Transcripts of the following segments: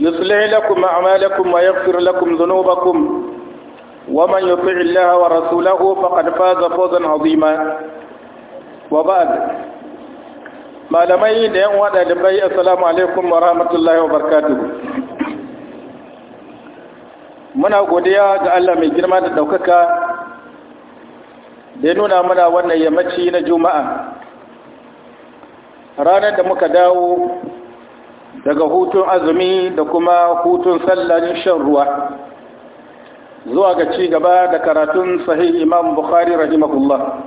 يصلح لكم أعمالكم ويغفر لكم ذنوبكم ومن يطع الله ورسوله فقد فاز فوزا عظيما وبعد malamai da yan wada da bai assalamu alaikum wa rahmatullahi wa barakatuh muna godiya ga Allah mai girma da daukaka da ya nuna mana wannan yammaci na juma'a ranar da muka dawo daga hutun azumi da kuma hutun sallar shan ruwa zuwa ga ci gaba da karatun sahih imam bukhari rahimahullah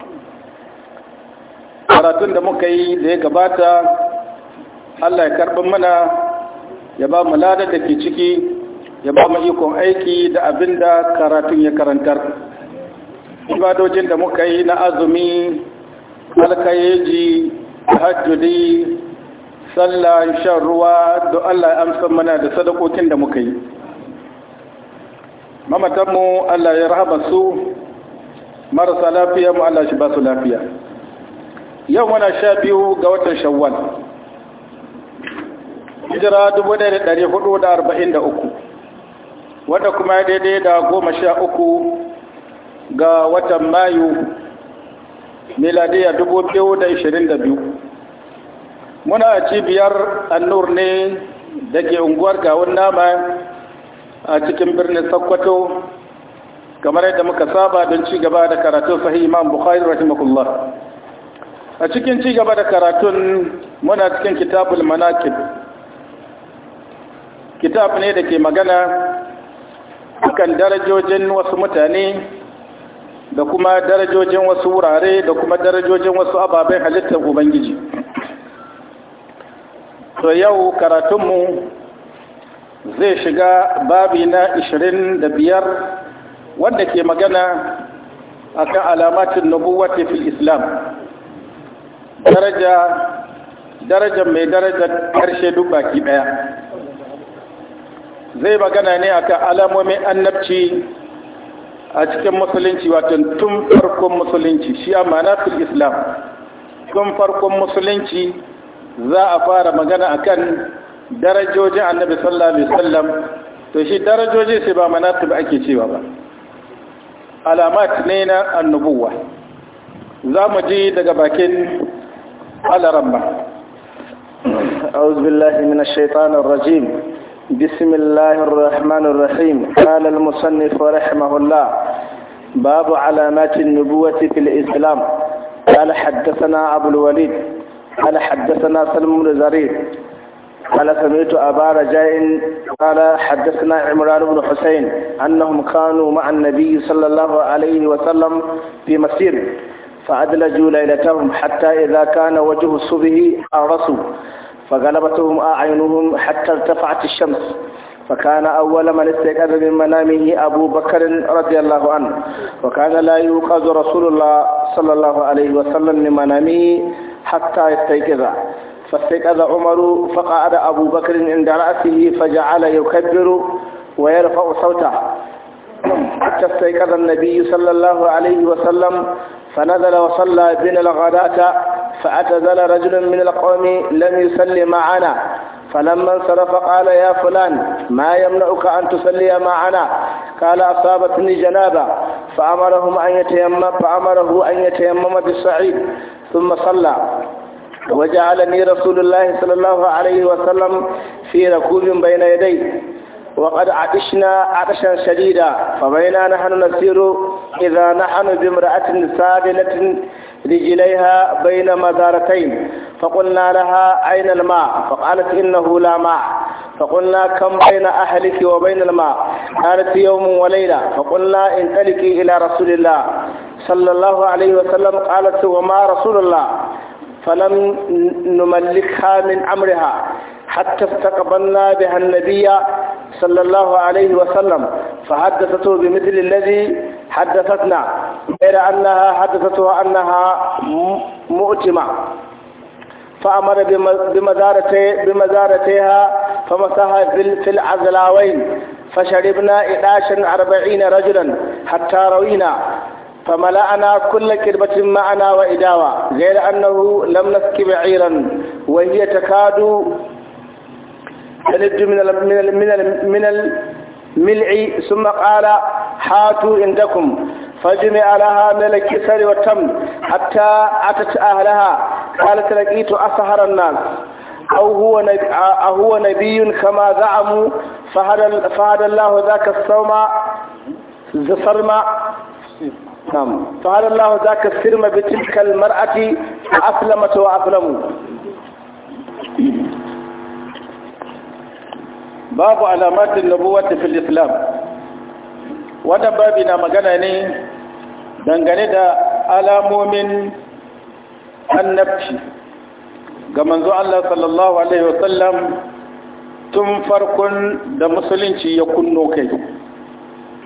karatun da muka yi da ya gabata allah ya karɓi mana ya ba mu ladar da ke ciki ya ba mu ikon aiki da abin da karatun ya karantar ibadojin da muka yi na azumi alkayeji tahajjudi sallah shan ruwa don Allah ya amsa mana da sadakokin da muka yi mamatanmu Allah ya rahama su marasa lafiya mu Allah shi ba su lafiya yau mana sha biyu ga watan shawwal hijira 1443 wadda kuma ya daidai da goma sha uku ga watan mayu miladiya 2022 muna cibiyar annur ne da ke unguwar kawun nama a cikin birnin sokoto kamar yadda muka saba don ci gaba da karatun sahih imam bukhari rahimahullah a cikin cigaba da karatun muna cikin kitabul manakib kitab ne da ke magana kan darajojin wasu mutane da kuma darajojin wasu wurare da kuma darajojin wasu ababen halittar ubangiji to yau karatunmu zai shiga babi na biyar, wanda ke magana akan alamatin nubuwati fil islam daraja daraja mai daraja karshe duk baki daya zai magana ne akan alamomin annabci a cikin musulunci wato tun farkon musulunci shi amana fil islam tun farkon musulunci za a fara magana akan darajojin annabi sallallahu alaihi wasallam to shi darajoji sai ba manatib ake cewa ba alamat ne na annubuwa za mu ji daga bakin alaramba أعوذ بالله من الشيطان الرجيم بسم الله الرحمن الرحيم قال المصنف رحمه الله باب علامات النبوة في الإسلام قال حدثنا أبو الوليد قال حدثنا سلم بن زرير قال سمعت أبا رجاء قال حدثنا عمران بن حسين أنهم كانوا مع النبي صلى الله عليه وسلم في مسير فأدلجوا ليلتهم حتى إذا كان وجه الصبح أرسوا فغلبتهم أعينهم حتى ارتفعت الشمس فكان أول من استيقظ من منامه أبو بكر رضي الله عنه وكان لا يوقظ رسول الله صلى الله عليه وسلم من منامه حتى يستيقظ فاستيقظ عمر فقعد أبو بكر عند رأسه فجعل يكبر ويرفع صوته حتى استيقظ النبي صلى الله عليه وسلم فنزل وصلى بنا الغداة فأتزل رجل من القوم لم يسلم معنا فلما انصرف قال يا فلان ما يمنعك أن تصلي معنا قال أصابتني جنابة فأمرهم أن يتيمم فأمره أن يتيمم بالصعيد ثم صلى وجعلني رسول الله صلى الله عليه وسلم في ركوب بين يديه وقد عطشنا عطشا شديدا فبينا نحن نسير إذا نحن بامرأة سادلة رجليها بين مدارتين فقلنا لها أين الماء فقالت إنه لا ماء فقلنا كم بين أهلك وبين الماء قالت يوم وليلة فقلنا انطلقي إلى رسول الله صلى الله عليه وسلم قالت وما رسول الله فلم نملكها من أمرها حتى استقبلنا بها النبي صلى الله عليه وسلم فحدثته بمثل الذي حدثتنا غير أنها حدثتها أنها مؤتمة فأمر بمزارتي بمزارتيها فمسها في العزلاوين فشربنا إداشا أربعين رجلا حتى روينا فملأنا كل كربة معنا وإداوة غير أنه لم نسك بعيرا وهي تكاد تلد من الـ من الـ من الـ من الـ ملعي ثم قال حاتوا عندكم فجمع لها من الكسر والتم حتى أتت أهلها قالت لقيت أسهر الناس أو هو نبي, أو هو نبي كما زعموا فهدى, الله ذاك الصوم زصرما نعم فهل الله ذاك السرم بتلك المرأة أسلمت وأسلموا babu alamatin nabuwar fil islam wannan babi na magana ne dangane da alamomin annabci ga manzo Allah sallallahu alaihi wasallam tun farkon da musulunci ya kunno kai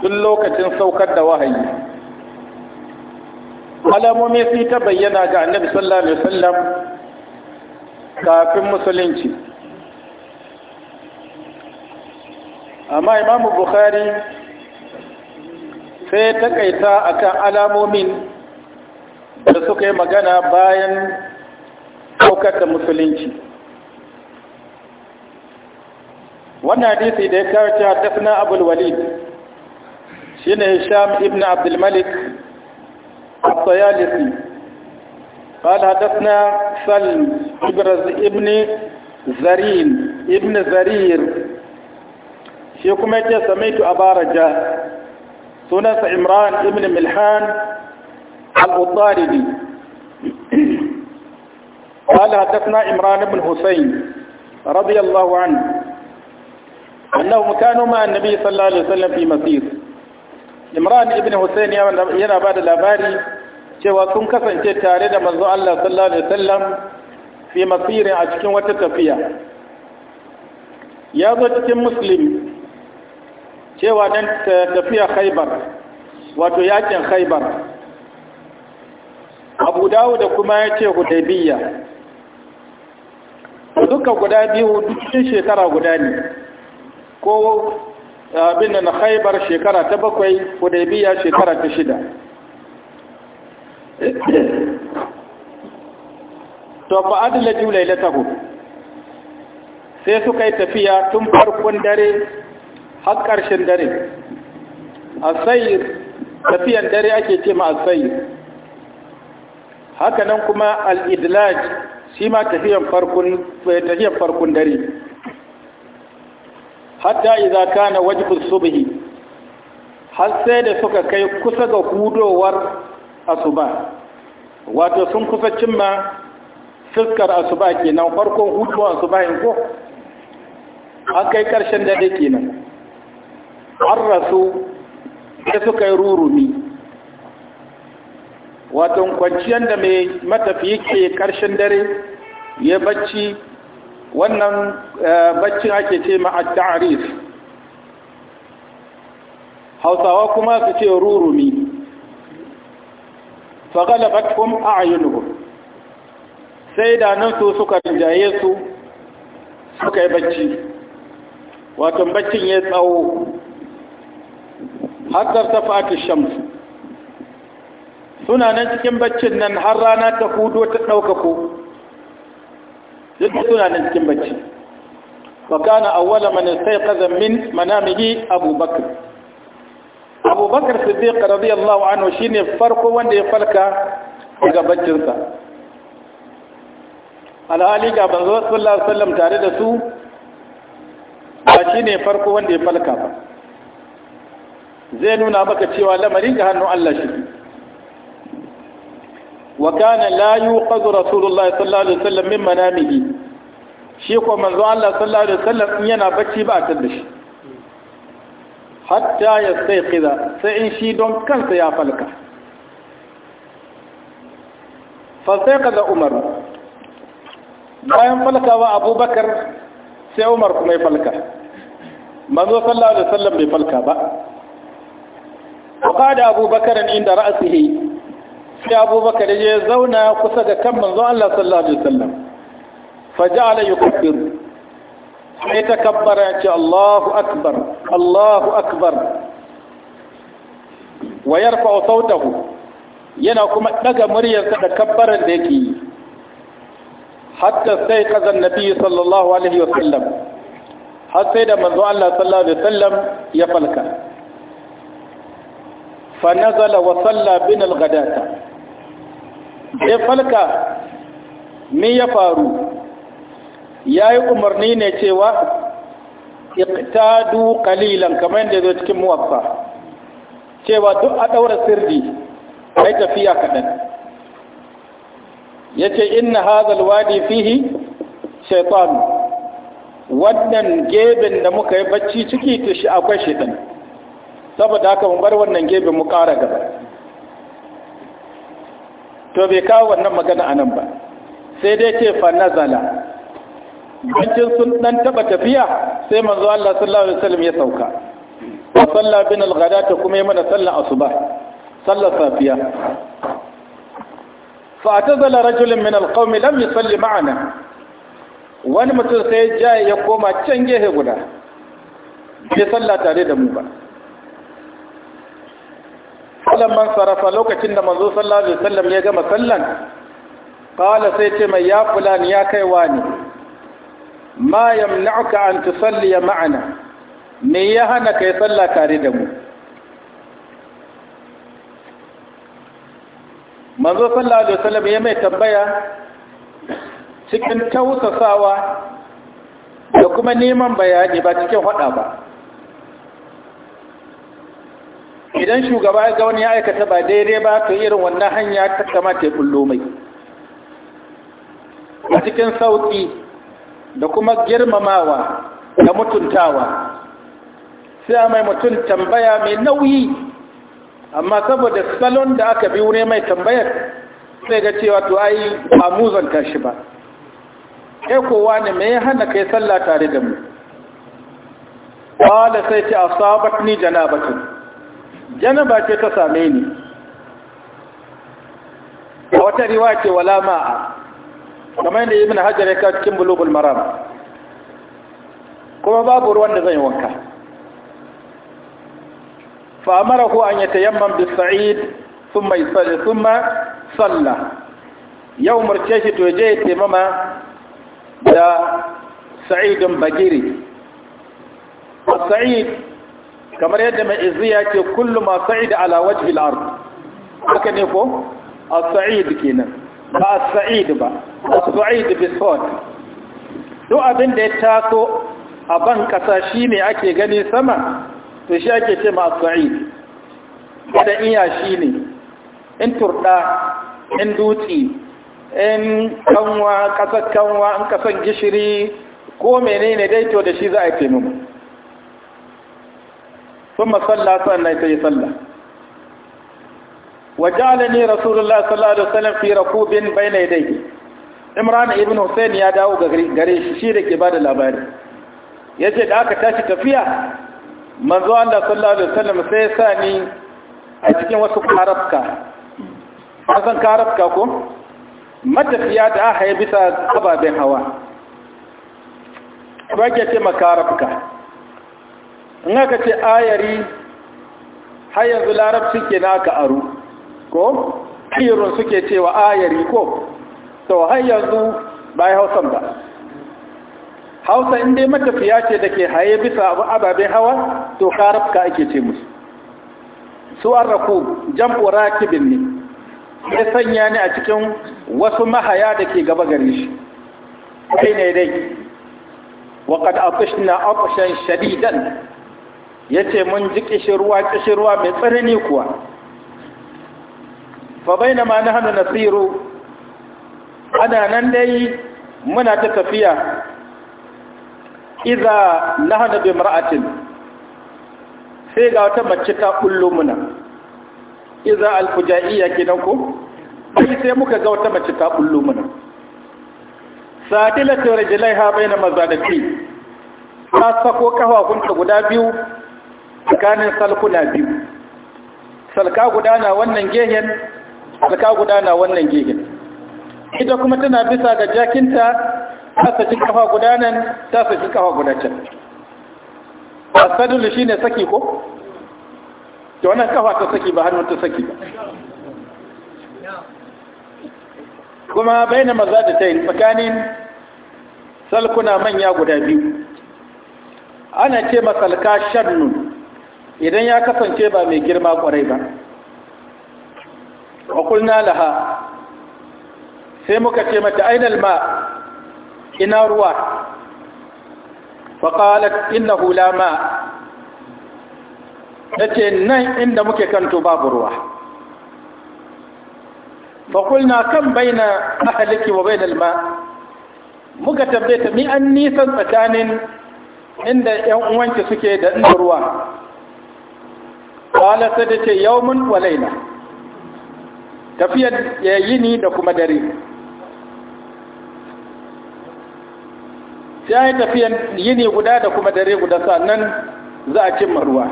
tun lokacin saukar da wahayi alamomi sai ta bayyana ga annabi sallallahu alaihi wasallam kafin musulunci amma imamu bukhari sai takaita akan alamomin da suka yi magana bayan saukar da musulunci wannan hadisi da ya karci a tafina walid shi ne Sham ibn abdulmalik a tsayalisi قال حدثنا سلم ابن زرير ابن زرير shi kuma yace samaitu baraja. sunansa imran ibn milhan al-uttaridi قال حدثنا إمران بن حسين رضي الله عنه أنهم كانوا مع النبي صلى الله عليه وسلم في مسير إمران بن حسين ينا بعد الأباري cewa sun kasance tare da manzo Allah sallallahu alaihi wasallam fi a cikin wata tafiya ya zo cikin muslim cewa don tafiya khaibar wato yakin khaibar abu dawo da kuma ya ce hudaibiyya duka guda biyu cikin shekara guda ne ko eh, abin na khaibar shekara ta bakwai hudaibiyya shekara ta shida to fa adala julai sai suka yi tafiya tun farkon dare har ƙarshen dare A sai tafiyan dare ake ce ma Haka hakanan kuma al shi ma tafiyan farkon eh, dare hatta iza kana wajhu subhi har sai da suka kai kusa ga hudowar asuba wato sun kusa cimma fuskar asuba kenan farkon hudowar asuba in ko an kai ƙarshen dare kenan an da suka yi rurumi wato kwanciyar da mai matafi ke karshen dare ya bacci wannan eh, baccin ake ce ma'adda'arif hausawa kuma su ce rurumi fagalabat kum a sai da nan su suka rinjaye su suka yi bacci wato baccin ya tsawo ta tafa'at Shamsu. suna nan cikin baccin nan har rana ta hudo ta ɗaukako duk suna nan cikin bacci wa kana awwala man istayqaza min manamihi Abu Bakr Abu Bakr Siddiq radiyallahu anhu shine farko wanda ya falka daga baccinsa alhali ga banzo sallallahu alaihi wasallam tare da su ba shine farko wanda ya falka ba zai nuna maka cewa lamarin ga hannun Allah shi wa kana la yuqadu rasulullah sallallahu alaihi wasallam min manamihi shi ko manzo Allah sallallahu alaihi wasallam in yana bacci ba a da shi hatta yastayqiza sai in shi don kansa ya falka fa sayqaza umar bayan falkawa abubakar sai umar kuma ya falka manzo sallallahu alaihi wasallam bai falka ba ba da abubakar inda ra'asihi sai abubakar ya zauna kusa da kan manzo Allah sallallahu alaihi wasallam faja'ala yukabbir sai ta kabbara ce Allahu akbar Allahu akbar wa yarfa'u sautahu yana kuma daga muryarsa da kabbaran da yake yi hatta sai kazan nabi sallallahu alaihi wasallam har sai da manzo Allah sallallahu alaihi wasallam ya falka fanazala wa salla bin al-ghadata sai falka me ya faru yayi umarni ne cewa iqtadu qalilan kamar yadda zo cikin muwaffa cewa duk a daura sirri kai tafiya kadan yace inna hadha al-wadi fihi shaytan wannan geben da muka yi bacci ciki to shi akwai shaytan saboda haka mu bar wannan gefe mu ƙara gaba to bai kawo wannan magana a nan ba sai dai ce fa nazala bancin sun dan taba tafiya sai manzo Allah sallallahu alaihi wasallam ya sauka wa salla bin al ghadati kuma ya mana sallar asuba sallar safiya fa atazala rajulun min al qawmi lam yusalli ma'ana wani mutum sai ya ya koma can gehe guda bai salla tare da mu ba man sarrafa lokacin da manzo sallallahu alaihi wasallam ya gama sallan qala sai ce mai ya fulani ya kai wani ma yamna'uka an tusalli ma'ana me ya hana kai sallah tare da mu manzo sallallahu alaihi wasallam ya mai tambaya cikin tausasawa da kuma neman bayani ba cikin hada ba idan shugaba ya ga wani ya aikata ba daidai ba to irin wannan hanya ta kamata ya bullo mai a cikin sauƙi da kuma girmamawa da mutuntawa sai a mai mutum tambaya mai nauyi amma saboda salon da aka biyu ne mai tambayar sai ga cewa to ai ba muzanta shi ba kai kowa ne mai hana kai sallah tare da mu da sai ce a asabatni janabatun janaba ce ta same ni a wata riwa ce wala a, kamar yadda ibn hajjar ya kawo cikin bulubul maram kuma babu ruwan da zan yi wanka fa'amara ko an yi yamman bisa'id sun mai salli sun ma salla yau murce shi to je ya taimama da sa'idun bagiri sa'id kamar yadda mai izziya ce kullum a sa'id ala wajhil ard haka ne ko a said kenan ba a said ba a said bi duk abin da ya taso a ban kasa ne ake gani sama to shi ake ce ma a said da iya ne in turda in dutse in kanwa kasar kanwa in gishiri ko menene dai to da shi za a yi taimako ثم صلى صلى يتيسلى وجعلني رسول الله صلى الله عليه وسلم في imran ibn hussein ya dawo gare shi shi da ke ba da labari ya ce da aka tashi tafiya manzo Allah sallallahu alaihi wasallam sai ya ni a cikin wasu karabka san karabka ko matafiya da aka bisa ababen hawa ba ke ce makarabka ina ka ce ayari har yanzu larabci ke naka aru ko ayyarun suke cewa ayari ko to har yanzu bai hausan ba hausa inda matafiya ce da ke haye bisa ababen hawa to karabka ake ce musu su an raku jam'u rakibin ne ya sanya ne a cikin wasu mahaya da ke gaba gare shi kai ne dai waƙad afishna Shadi shadidan ya ce mun ji ƙishirwa ƙishirwa mai tsarini kuwa fa bai na ma hannu na tsiru ana nan dai muna ta tafiya iza na hannu bai mara'atin sai ga wata mace ta ɓullo muna iza alfuja'iyya kenan ko bai sai muka ga wata mace ta ɓullo muna ha bai baina mazadati ta sako kafafunta guda biyu tsakanin salkuna biyu salka gudana wannan gehen salka gudana wannan gehen ita kuma tana bisa ga jakinta ta saki kafa gudanan ta saki kafa sadin shi ne saki ko to wannan kafa ta saki ba hannun ta saki ba kuma na maza da tayin tsakanin salkuna manya guda biyu ana ce masalka shannun idan ya kasance ba mai girma kwarai ba wa na laha sai muka ce mata ainihin ma ina ruwa faƙalar ina hula ma ma ce nan inda muke kanto babu ruwa fa na kan baina ahliki wa bainal ma muka tabbata mi an nisan tsakanin inda yan uwanci suke da inda ruwa kala ta da ce yawmun walaina tafiyar ya eh, yini da kuma dare sai ya tafiyar yini guda da kuma dare guda sannan za a cimma ruwa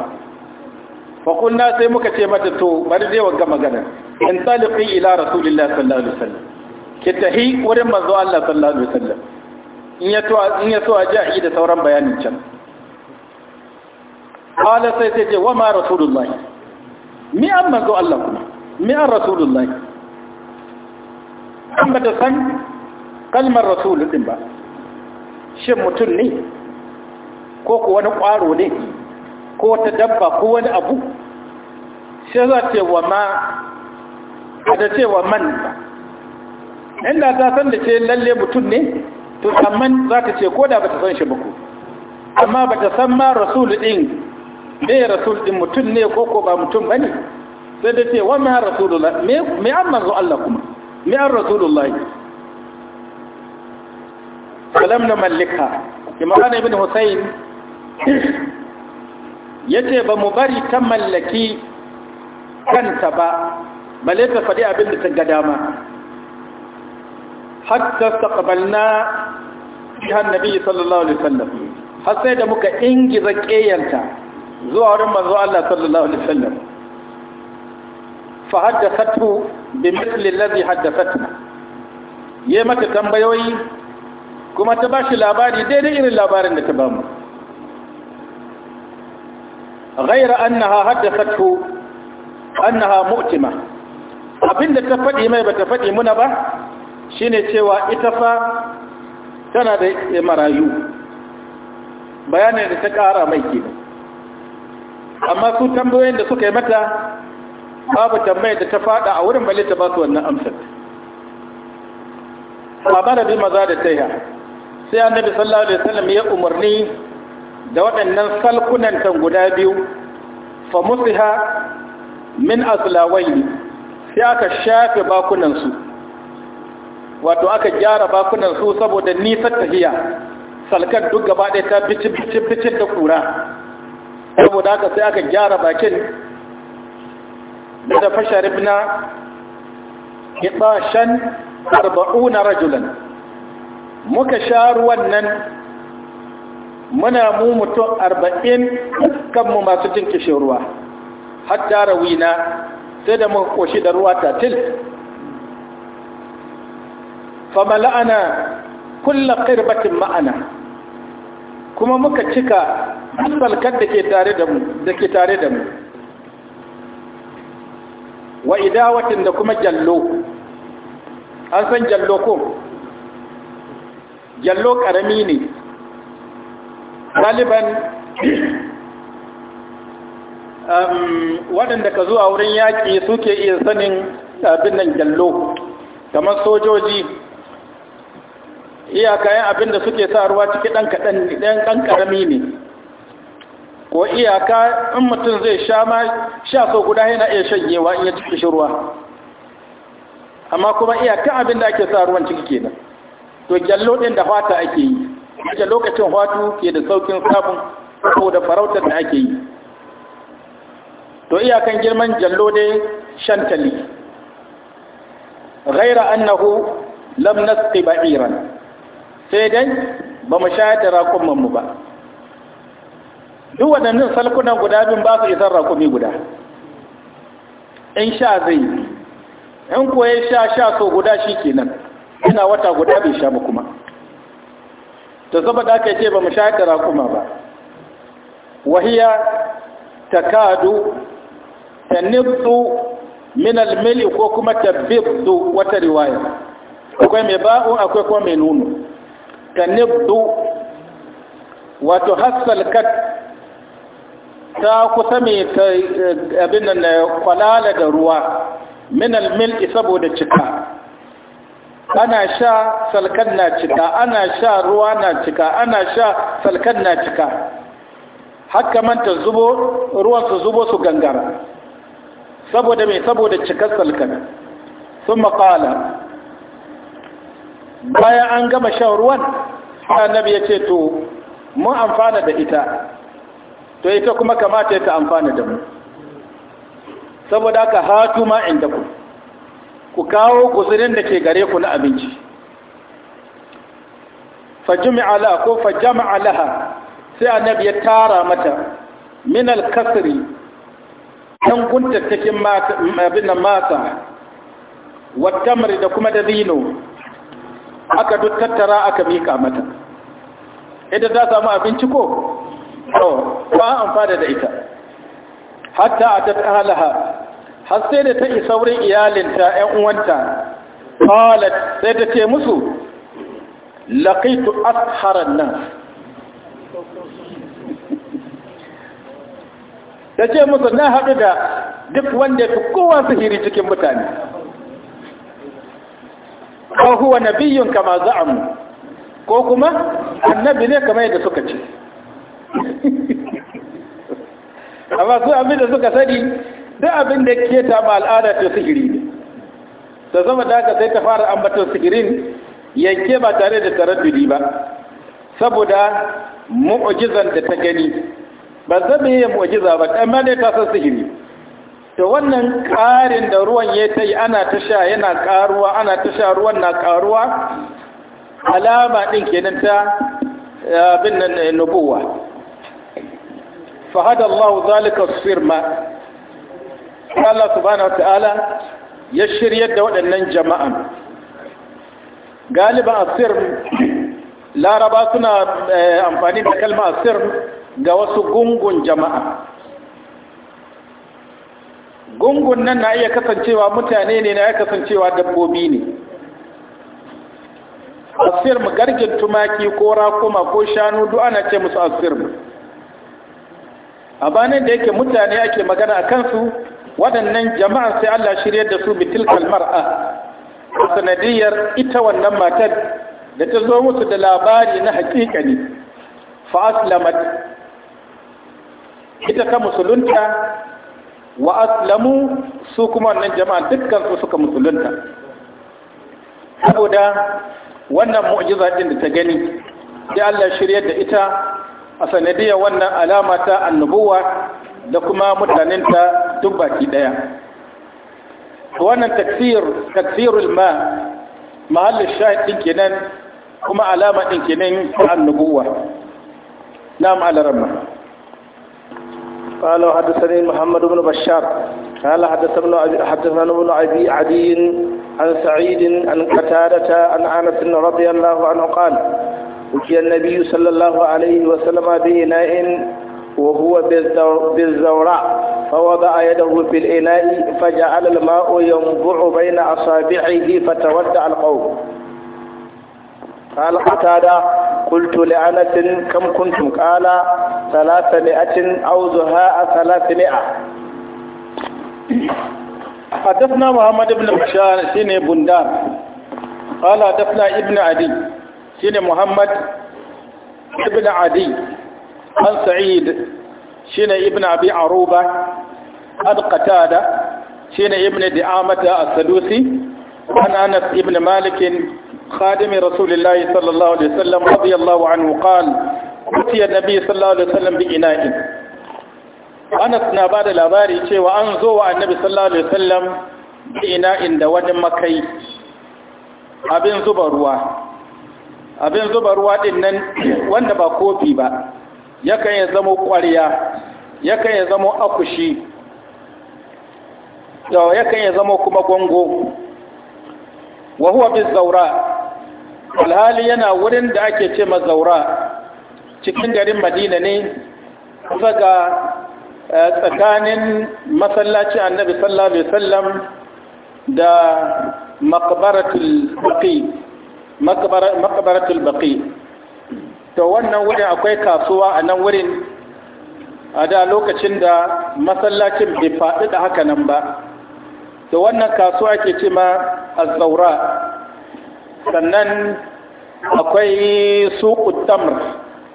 fakunna sai muka ce mata to bari dai wanga magana in taliqi ila rasulillah sallallahu alaihi wasallam ki tahi wurin manzo Allah sallallahu alaihi wasallam in ya to in ya so a ji da sauran bayanin can qala sai sai ce wa ma rasulullahi mi an manzo Allah kuma mi an rasulullahi an ba san kalmar rasul din ba shin mutum ne ko ko wani ƙwaro ne ko ta dabba ko wani abu sai za ce wa ma da ce wa man ba inda ta san da ce lalle mutum ne to amman za ta ce ko da ba ta san shi ba ko amma ba ta san ma rasul din me rasul din mutum ne ko ko ba mutum bane sai da ce wa ma rasulullah me me an manzo Allah kuma me an rasulullah Salam na mallika imam ibn husayn yace ba mu bari ta mallaki kanta ba bale ta faɗi abin da ta ga dama hatta taqabalna bihan nabi sallallahu alaihi wasallam har sai da muka ingiza keyanta zuwa wurin manzo Allah sallallahu alaihi wasallam fa haddathathu bi mithli alladhi haddathatna yayi mata tambayoyi kuma ta bashi labari daidai irin labarin da ta bamu غير أنها حدثته أنها مؤتمة abin da ta faɗi mai ba ta faɗi muna ba shine cewa ita fa tana da marayu bayanin da ta ƙara mai kenan amma su tambayoyin da suka yi mata babu tambayar da ta fada a wurin balle ba su wannan amsar amara bi maza da taiya sai annabi sallallahu alaihi wasallam ya umarni da waɗannan salkunan tan guda biyu fa musiha min aslawaini sai aka shafe bakunan su wato aka gyara bakunan su saboda nisa tahiya salkar duk gaba ɗaya ta bici bici bici da kura saboda haka sai aka gyara bakin da fasharif na hitsashen arba'una rajulan muka sha ruwan nan muna mu mutum arba'in kanmu masu jin kishin ruwa hatta rawina sai da muka koshi da ruwa tatil famala'ana kulla ƙirbatin ma'ana kuma muka cika musalkar da ke tare da mu da ke tare da mu wa idawatin da kuma jallo an san jallo ko jallo karami ne um, waɗanda ka zuwa wurin yaƙi suke iya sanin abin nan jallo kamar sojoji iyakayen abin da suke sa ruwa ciki ɗan kaɗan ɗan ƙarami ne ko iyaka in mutum zai sha ma sha so guda yana iya shanyewa in ya ciki shi ruwa amma kuma iyakan abin da ake sa ruwan ciki kenan to gyallo ɗin da fata ake yi ake lokacin hatu ke da saukin sabon ko da farautar da ake yi to iyakan girman gyallo ne shantali ghaira annahu lam nasqi ba'iran sai dai ba mu shayar da mu ba duk waɗannan salkunan guda bin ba su isar raƙumi guda in sha zai in koya sha sha so guda shi kenan ina wata guda bai sha mu kuma ta saboda aka ce ba mu shayar da raƙuma ba wahiya takadu tanibtu min mili ko kuma tabibtu wata riwaya akwai mai ba'u akwai kuma mai nuno ta nibdu wato hassal kat ta kusa mai eh, abin nan eh, kwalala da ruwa minal mil'i saboda cika ana sha salkan na cika ana sha ruwa na cika ana sha salkan na cika haka manta zubo ruwan su zubo su gangara saboda mai saboda cikar salkan sun maƙala bayan an gama shan ruwan annabi ya ce to mun amfana da ita to ita kuma kamata ya amfana da mu saboda ka hatu ma inda ku ku kawo guzurin da ke gare ku na abinci fajimi ala ko fajama alaha sai annabi ya tara mata min kasri ɗan guntattakin abin mata wattamri da kuma da zino aka duk tattara aka mika mata idan ta samu abinci ko ba an amfana da ita hatta a ta halaha har sai da ta isa wurin iyalinta 'yan uwanta qalat sai ta ce musu laqitu asharan nan ta ce musu na haɗu da duk wanda ya fi kowa sihiri cikin mutane ko huwa nabiyyun kama za'am ko kuma annabi ne kamar yadda suka ce amma su abin da suka sani duk abin da ke ta ma al'ada ta sihiri ne da zama da aka sai ta fara ambaton sihirin yanke ba tare da taraddudi ba saboda mu'ujizan da ta gani ba zama yi mu'ujiza ba amma ne ta san sihiri da wannan ƙarin da ruwan ya ta yi ana ta sha yana karuwa ana ta sha ruwan na karuwa alama ɗin kenan ta eh, abin nan eh, nubuwa fahad Allah zalika firma Allah subhanahu ta'ala ya shiryar da waɗannan jama'a. Galiba asir laraba suna eh, amfani da kalma asir ga wasu gungun jama'a gungun nan na iya kasancewa mutane ne na iya kasancewa dabbobi ne asir mu gargin tumaki ko rakuma ko shanu duk ana ce musu asir a banin da yake mutane ake magana a kansu waɗannan jama'an sai Allah shirya da su bitil kalmar'a a sanadiyar ita wannan matar da ta zo musu da labari na hakika ne fa ita ta musulunta wa aslamu su kuma wannan jama'a dukkan su suka musulunta saboda wannan mu'jiza din da ta gani sai Allah shiryar da ita a sanadiyar wannan alama ta annubuwa da kuma mutanen duk baki daya wannan taksir taksirul ma mahallin shahid din kenan kuma alama din kenan ta annubuwa na'am alarma قال حدثني محمد بن بشار قال حدثنا حدثنا ابن عدي, عدي عن سعيد عن قتادة عن أنس رضي الله عنه قال وكي النبي صلى الله عليه وسلم بإناء وهو بالزوراء فوضع يده في الإناء فجعل الماء ينبع بين أصابعه فتودع القوم قال قتادة قلت لأنس كم كنتم قال ثلاثمائة أو زهاء ثلاثمائة حدثنا محمد بن بشار سين بندان قال حدثنا ابن عدي سين محمد ابن عدي عن سعيد شين ابن أبي عروبة عن قتادة شين ابن دعامة السدوسي عن أنس ابن مالك خادم رسول الله صلى الله عليه وسلم رضي الله عنه قال أتي النبي صلى الله عليه وسلم بإناء أنس نابد الأباري شيء وأنزو النبي صلى الله عليه وسلم بإناء دواد مكي abin zuba ruwa abin zuba ruwa din nan wanda ba kofi ba yakan ya zama ƙwarya yakan ya zama akushi yakan ya zama kuma gongo wa huwa bi zaura alhali yana wurin da ake ce mazaura cikin garin madina ne kusa ga eh, tsakanin masallaci annabi sallallahu alaihi wasallam da maqbaratul baqi maqbaratul baqi to wannan wurin akwai kasuwa a nan wurin a da lokacin da masallacin bai faɗi da haka nan ba to wannan kasuwa ke ce ma az-zawra sannan akwai su tamr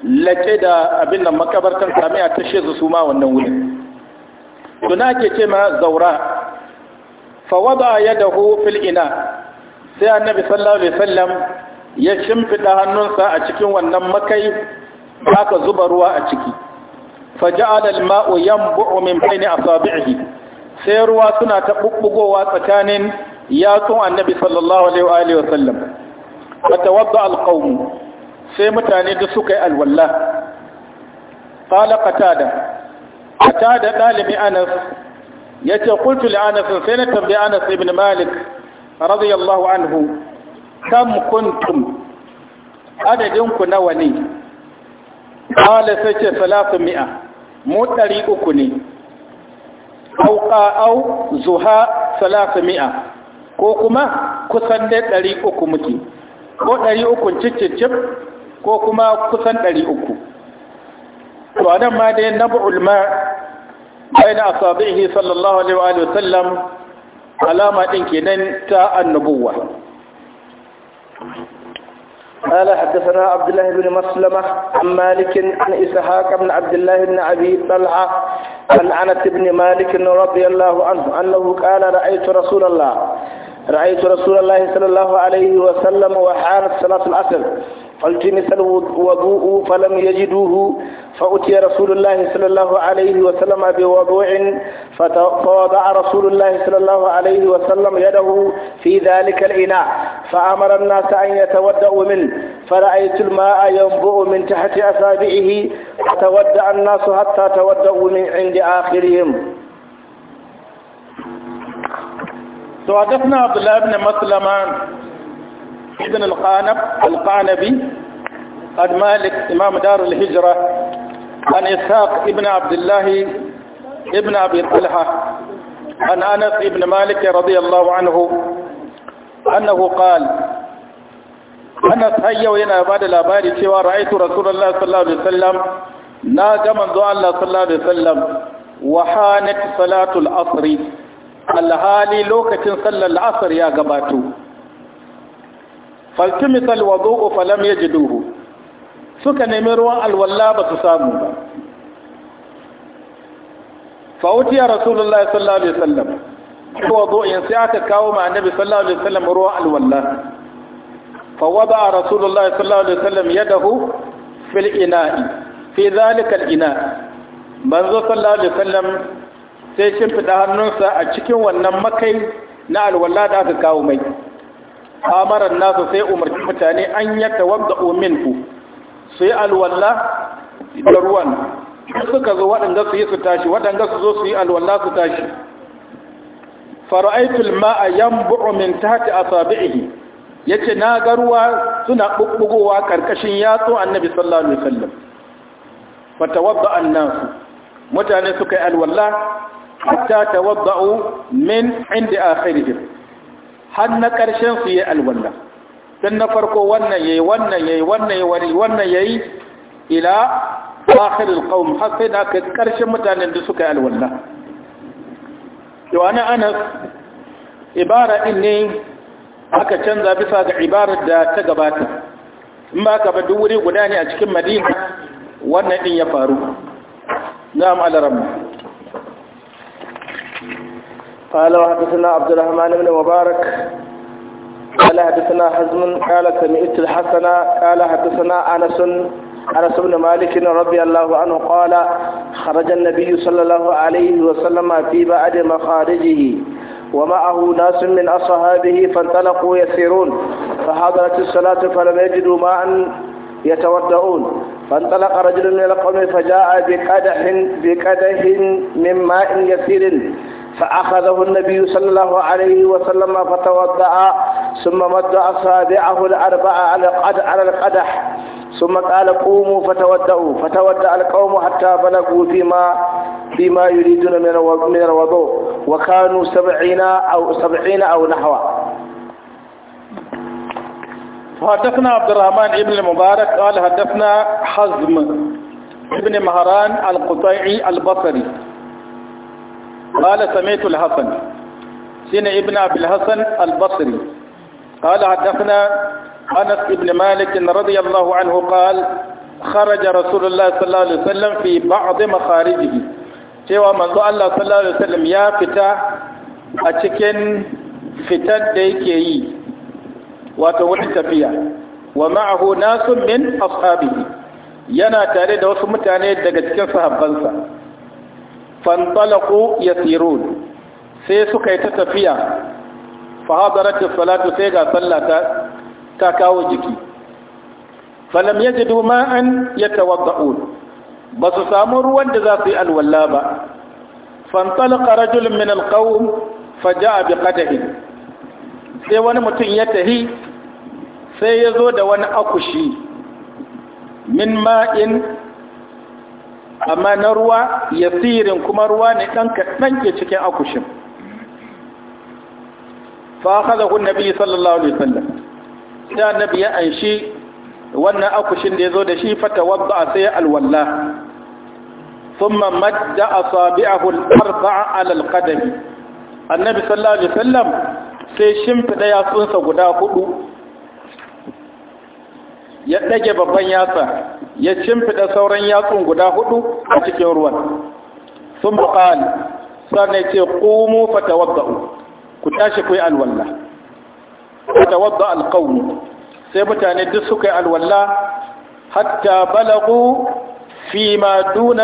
lake da abin da makabartan samiya ta shezu su ma wannan wurin tuna ke ce ma zaura fawada ya dahu fil ina sai annabi sallallahu alaihi wasallam ya shimfida hannunsa a cikin wannan makai aka zuba ruwa a ciki faja'ala al-ma'u yanbu'u min bayni asabi'ihi sai ruwa suna ta bubbugowa tsakanin yatsun annabi sallallahu alaihi wa sallam. fatawadda alqawm sai mutane da suka yi alwala. qala qatada qatada dalibi anas yace qultu li anas sai na tambaye anas ibn malik radiyallahu anhu kam kuntum adadin ku nawa ne qala sai ce salatu mi'a mu ɗari uku ne au zuha salasa mi'a ko kuma kusan dai ɗari uku muke ko ɗari uku cicicip ko kuma kusan ɗari uku to a nan ma dai na bu'ulma bai asabihi sallallahu alaihi wa alama ɗin kenan ta annubuwa قال حدثنا عبد الله بن مسلمة عن مالك عن إسحاق بن عبد الله بن أبي طلحة عن أنس بن مالك رضي الله عنه أنه قال رأيت رسول الله رأيت رسول الله صلى الله عليه وسلم وحانت صلاة العصر فالتمس الوضوء فلم يجدوه فأتي رسول الله صلى الله عليه وسلم بوضوع فوضع رسول الله صلى الله عليه وسلم يده في ذلك الإناء فأمر الناس أن يتودأوا منه فرأيت الماء ينبع من تحت أصابعه فتودأ الناس حتى تودأوا من عند آخرهم فحدثنا عبد الله بن مسلمان ابن القانب القانبي عن مالك إمام دار الهجرة عن إسحاق ابن عبد الله ابن أبي طلحة عن أنس ابن مالك رضي الله عنه أنه قال أنس هيا وينا بعد الأباري سوى رأيت رسول الله صلى الله عليه وسلم ناجى منذ الله صلى الله عليه وسلم وحانت صلاة العصر alhali lokacin sallar la'asar ya gabato faltimisal wazo falam ya ji duhu suka nemi ruwan alwallah ba su samu ba fautiya rasulullah sallallahu Sallam. wasallam wazo in sai aka kawo ma annabi sallallahu alaihi wasallam ruwan alwallah فوضع a الله صلى الله عليه وسلم يده في الإناء في ذلك الإناء منذ صلى الله عليه وسلم sai shimfiɗa hannunsa a cikin wannan makai na alwala da aka kawo mai amaran nasu sai umarci mutane an ta tawadda ominku su yi alwala da ruwan suka zo waɗanda su yi su tashi waɗanda su zo su yi alwala su tashi fara'aitul ma'a yan bu'umin ta hati a sabi'ihi ya ce na garuwa suna ɓuɓɓugowa ƙarƙashin yatsu annabi sallallahu alaihi wasallam fatawadda annasu mutane suka yi alwala hatta tawadda'u min inda akhirihim har na ƙarshen su yi alwala tun na farko wannan yayi wannan yayi wannan yayi wannan yayi ila akhiril qaum har sai da ƙarshen mutanen da suka yi alwala to ana anas ibara din ne aka canza bisa ga ibarar da ta gabata in ba ka duk wuri guda ne a cikin madina wannan din ya faru na'am alaramma قال وحدثنا عبد الرحمن بن مبارك قال حدثنا حزم قال سمعت الحسن قال حدثنا انس انس بن مالك رضي الله عنه قال خرج النبي صلى الله عليه وسلم في بعد مخارجه ومعه ناس من أصحابه فانطلقوا يسيرون فحضرت الصلاة فلم يجدوا ماء يتودعون فانطلق رجل من القوم فجاء بقدح بقدح من ماء يسير فأخذه النبي صلى الله عليه وسلم فتوضأ ثم مد أصابعه الأربعة على القدح ثم قال قوموا فتودعوا فتودع القوم حتى بلغوا فيما فيما يريدون من من الوضوء وكانوا سبعين أو سبعين أو نحو حدثنا عبد الرحمن بن المبارك قال حدثنا حزم ابن مهران القطيعي البصري قال سمعت الحسن سين ابن basri الحسن البصري قال حدثنا أنس بن مالك رضي الله عنه قال خرج رسول الله صلى الله عليه وسلم في بعض مخارجه cewa manzo Allah sallallahu alaihi wasallam ya fita a cikin fitar da yake yi wato wani tafiya wa ma'ahu nasun min ashabihi yana tare da wasu mutane daga cikin sahabbansa ya yasirun sai suka yi ta tafiya fa hadaratu salatu sai ga sallah ta kawo jiki falam yajidu ma'an yatawadda'un ba su samu ruwan da za su yi alwala ba fantalaqa rajulun min alqawm faja'a biqadahin sai wani mutum ya tahi sai ya zo da wani akushi min ma'in amma na ruwa yasirin kuma ruwa ne ɗan kaɗan ke cikin akushin fa haɗa na biyu sallallahu alaihi sallam sai annabi ya anshi wannan akushin da ya zo da shi fata wadda sai alwalla thumma da asabi'ahu a arbaa ala al-qadami annabi sallallahu alaihi sallam sai shimfida yatsunsa guda hudu ya ɗage babban yatsa ya cimfiɗa sauran yatsun guda hudu a cikin ruwan sun buƙal sannan ce ƙumu fatawadda'u ku tashi ku yi alwallah fatawadda alƙawu, sai mutane duk suka yi alwallah hatta balagu fi ma dun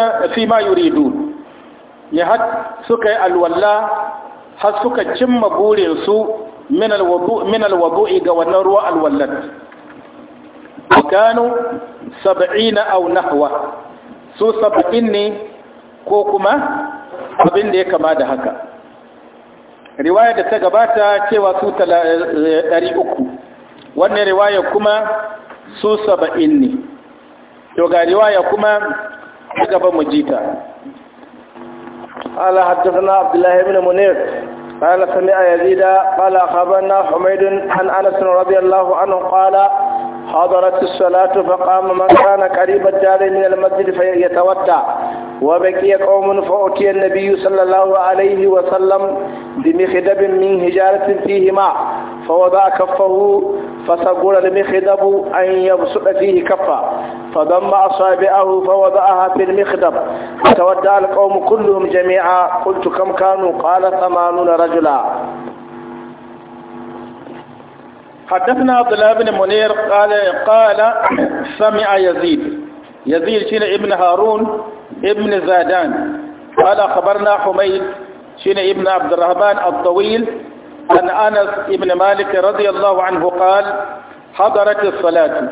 ya har suka yi alwallah har suka cimma burinsu min alwabu'i ga wannan ruwa alwallar kanu saba'ina aw nahwa su saba'in ne ko kuma abin da ya kama da haka riwaya da ta gabata cewa su eh, ɗari uku wannan riwaya kuma su saba'in ne to ga riwaya kuma ta gaba mu jita قال حدثنا عبد الله بن منير قال سمع يزيد قال أخبرنا حميد عن أنس رضي الله عنه قال حضرت الصلاة فقام من كان قريب الدار من المسجد فيتودع وبقي قوم فأتي النبي صلى الله عليه وسلم بمخدب من هجارة فيه ماء فوضع كفه فسقول المخدب أن يبسط فيه كفه فضم أصابعه فوضعها في المخدب فتودع القوم كلهم جميعا قلت كم كانوا قال ثمانون رجلا حدثنا عبد الله بن منير قال قال سمع يزيد يزيد شين ابن هارون ابن زادان قال خبرنا حميد شين ابن عبد الرحمن الطويل عن أنس ابن مالك رضي الله عنه قال حضرت الصلاة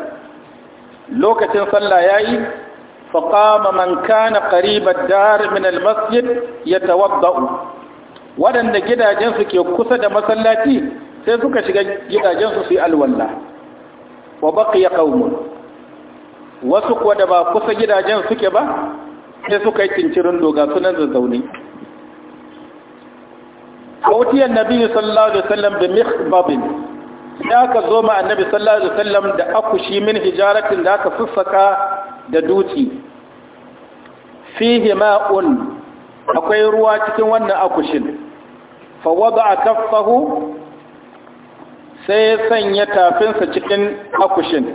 لوكة صلى ياي فقام من كان قريب الدار من المسجد يتوضأ ولن جدا جنسك يكسد مسلاتي sai suka shiga gidajensu su yi alwalla wa baqiya qaumun wasu kuwa da ba kusa gidajen suke ba sai suka yi cincirin doga sunan zazzauni kautiyar nabi sallallahu alaihi wasallam da mikhbabin da aka zo ma annabi sallallahu alaihi wasallam da akushi min hijaratin da aka sussaka da duti fihi ma'un akwai ruwa cikin wannan akushin fa wada'a kaffahu sai ya sanya tafinsa cikin akushin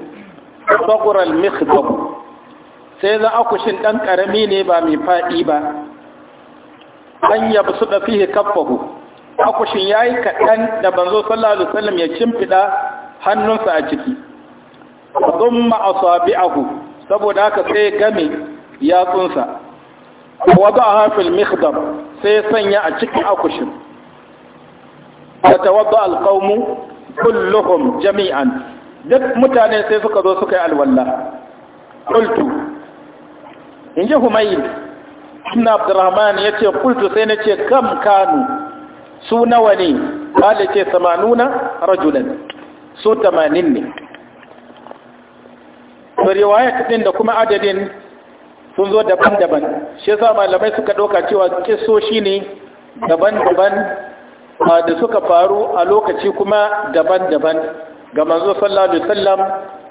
sakural mikhdab sai zan akushin ɗan ƙarami ne ba mai faɗi ba an yabu su da fihe akushin ya yi kaɗan da banzo sallallahu alaihi ya cimfiɗa hannunsa a ciki zun ma'asabi'ahu saboda haka sai game yatsunsa wadda a hafil mikhdab sai sanya a cikin akushin ta tawadda alƙaumu kulluhum jami'an duk mutane sai suka zo suka yi alwalla Kultu in ji humayl ibn abdurrahman ce kultu sai na ce kam kanu su nawa ne kale ce 80 rajulan su tamanin ne to riwayat din da kuma adadin sun zo daban-daban shi yasa malamai suka ɗauka cewa kisoshi ne daban-daban Ah, da suka faru a lokaci kuma daban-daban ga manzo sallallahu alaihi wasallam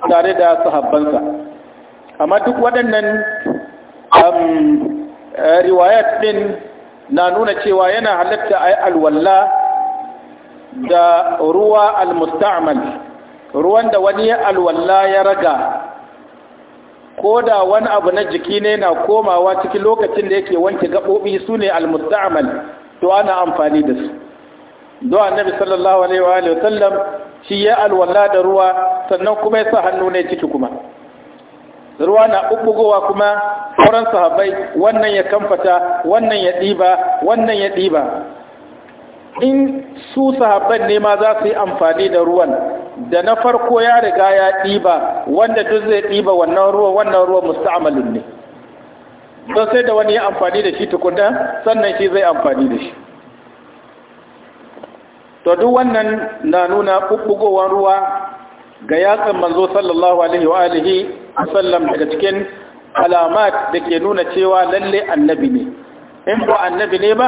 tare da sahabbansa amma duk waɗannan eh, riwayat din na nuna cewa yana halatta ay alwalla da ruwa almusta'mal ruwan da wani alwalla ya raga ko da wani abu na jiki ne na komawa cikin lokacin da yake wanke gaɓoɓi sune almusta'mal to ana amfani da su don annabi sallallahu alaihi wa alihi sallam shi ya alwala da ruwa sannan kuma ya sa hannu ne ciki kuma ruwa na ubugowa kuma sauran sahabbai wannan ya kamfata wannan ya ɗiba wannan ya ɗiba in su sahabban ne ma za su yi amfani da ruwan da na farko ya riga ya ɗiba wanda duk zai ɗiba wannan ruwa wannan ruwa musta'amalin ne don sai da wani ya amfani da shi tukuna sannan shi zai amfani da shi to duk wannan na nuna bubbugowar ruwa ga yatsan manzo sallallahu alaihi wa alihi sallam daga cikin alamat da ke nuna cewa lalle annabi ne in ba annabi ne ba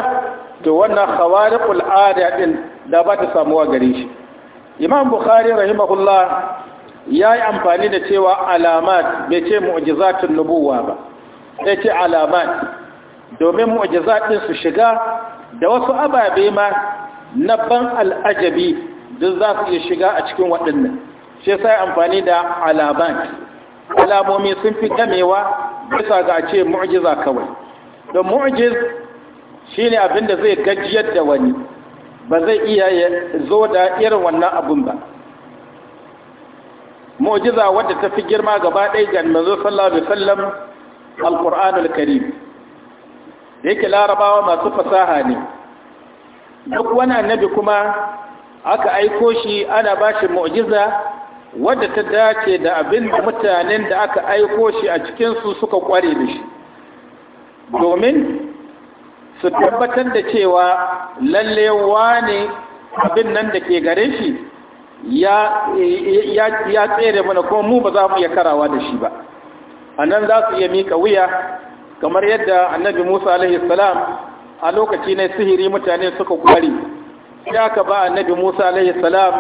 to wannan khawariqul ada din da ba ta samuwa gare shi imam bukhari rahimahullah ya yi amfani da cewa alamat bai ce mu'jizatun nubuwa ba sai ce alamat domin mu'jizat din su shiga da wasu ababe ma na ban al'ajabi duk za su iya shiga a cikin waɗannan shi sai amfani da alaban alamomi sun fi gamewa bisa ga ce mu'ajiza kawai da shi shine abin da zai gajiyar da wani ba zai iya zo da irin wannan abun ba mu'jiza wadda ta fi girma gaba ɗaya ga mazo sallallahu alaihi wasallam alqur'anul karim yake larabawa masu fasaha ne duk wani annabi kuma aka aiko shi ana ba shi mu'jiza wadda ta dace da abin da mutanen da aka aiko shi a cikinsu suka kware da shi domin su tabbatar da cewa lalle wane abin nan da ke gare shi ya tsere mana ko mu ba za mu iya karawa da shi ba a nan za su iya mika wuya kamar yadda annabi musa alaihi salam a lokaci ne sihiri mutane suka kware ya ka ba annabi Musa alaihi salam